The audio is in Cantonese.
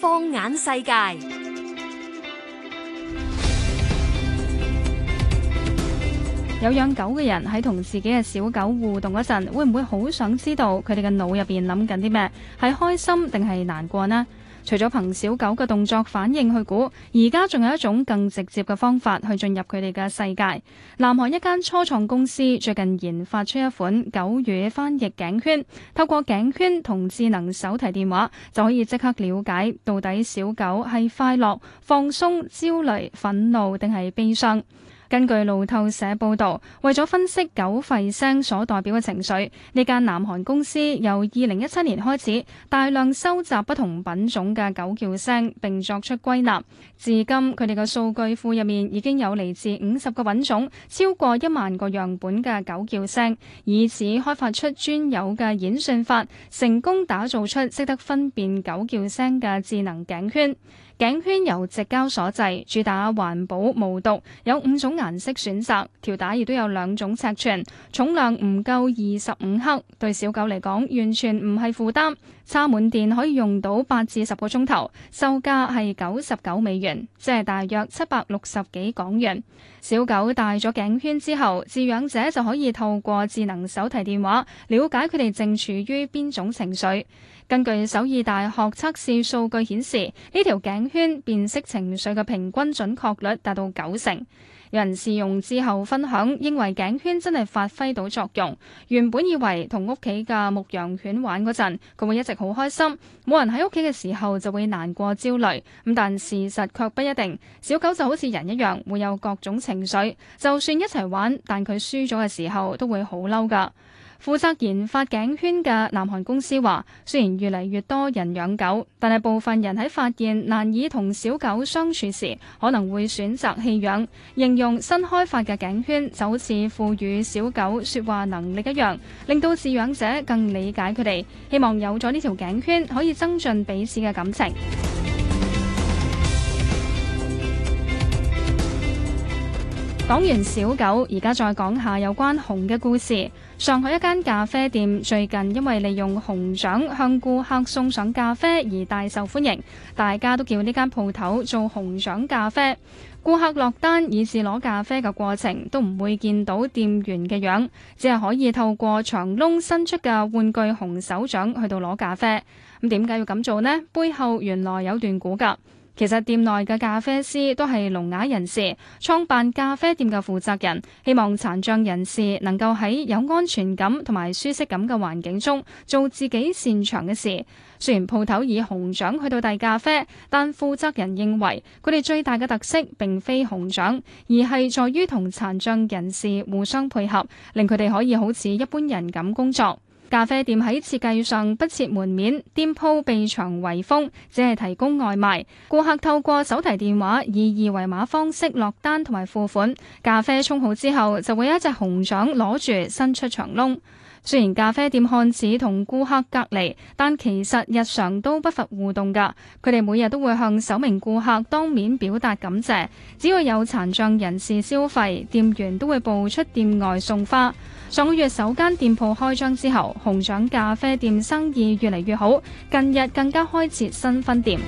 放眼世界，有養狗嘅人喺同自己嘅小狗互動嗰陣，會唔會好想知道佢哋嘅腦入邊諗緊啲咩？係開心定係難過呢？除咗憑小狗嘅動作反應去估，而家仲有一種更直接嘅方法去進入佢哋嘅世界。南韓一間初創公司最近研發出一款狗語翻譯頸圈，透過頸圈同智能手提電話就可以即刻了解到底小狗係快樂、放鬆、焦慮、憤怒定係悲傷。根據路透社報導，為咗分析狗吠聲所代表嘅情緒，呢間南韓公司由二零一七年開始大量收集不同品種嘅狗叫聲並作出歸納。至今佢哋嘅數據庫入面已經有嚟自五十個品種、超過一萬個樣本嘅狗叫聲，以此開發出專有嘅演算法，成功打造出識得分辨狗叫聲嘅智能頸圈。頸圈由直膠所製，主打環保無毒，有五種顏色選擇，條帶亦都有兩種尺寸，重量唔夠二十五克，對小狗嚟講完全唔係負擔。插滿電可以用到八至十個鐘頭，售價係九十九美元，即係大約七百六十幾港元。小狗戴咗頸圈之後，飼養者就可以透過智能手提電話了解佢哋正處於邊種情緒。根據首爾大學測試數據顯示，呢條頸圈辨識情緒嘅平均準確率達到九成。有人試用之後分享，認為頸圈真係發揮到作用。原本以為同屋企嘅牧羊犬玩嗰陣，佢會一直好開心，冇人喺屋企嘅時候就會難過、焦慮咁，但事實卻不一定。小狗就好似人一樣，會有各種情緒。就算一齊玩，但佢輸咗嘅時候都會好嬲㗎。負責研發頸圈嘅南韓公司話，雖然越嚟越多人養狗，但係部分人喺發現難以同小狗相處時，可能會選擇棄養。形容新開發嘅頸圈，就好似賦予小狗說話能力一樣，令到飼養者更理解佢哋。希望有咗呢條頸圈，可以增進彼此嘅感情。講完小狗，而家再講下有關熊嘅故事。上海一間咖啡店最近因為利用熊掌向顧客送上咖啡而大受歡迎，大家都叫呢間鋪頭做熊掌咖啡。顧客落單以至攞咖啡嘅過程都唔會見到店員嘅樣，只係可以透過牆窿伸出嘅玩具熊手掌去到攞咖啡。咁點解要咁做呢？背後原來有段古噶。其實店內嘅咖啡師都係聾啞人士，創辦咖啡店嘅負責人希望殘障人士能夠喺有安全感同埋舒適感嘅環境中做自己擅長嘅事。雖然鋪頭以熊掌去到遞咖啡，但負責人認為佢哋最大嘅特色並非熊掌，而係在於同殘障人士互相配合，令佢哋可以好似一般人咁工作。咖啡店喺設計上不設門面，店鋪被牆圍封，只係提供外賣。顧客透過手提電話以二維碼方式落單同埋付款。咖啡沖好之後，就會有一隻熊掌攞住伸出牆窿。雖然咖啡店看似同顧客隔離，但其實日常都不乏互動㗎。佢哋每日都會向首名顧客當面表達感謝。只要有殘障人士消費，店員都會步出店外送花。上個月首間店鋪開張之後，熊掌咖啡店生意越嚟越好，近日更加開設新分店。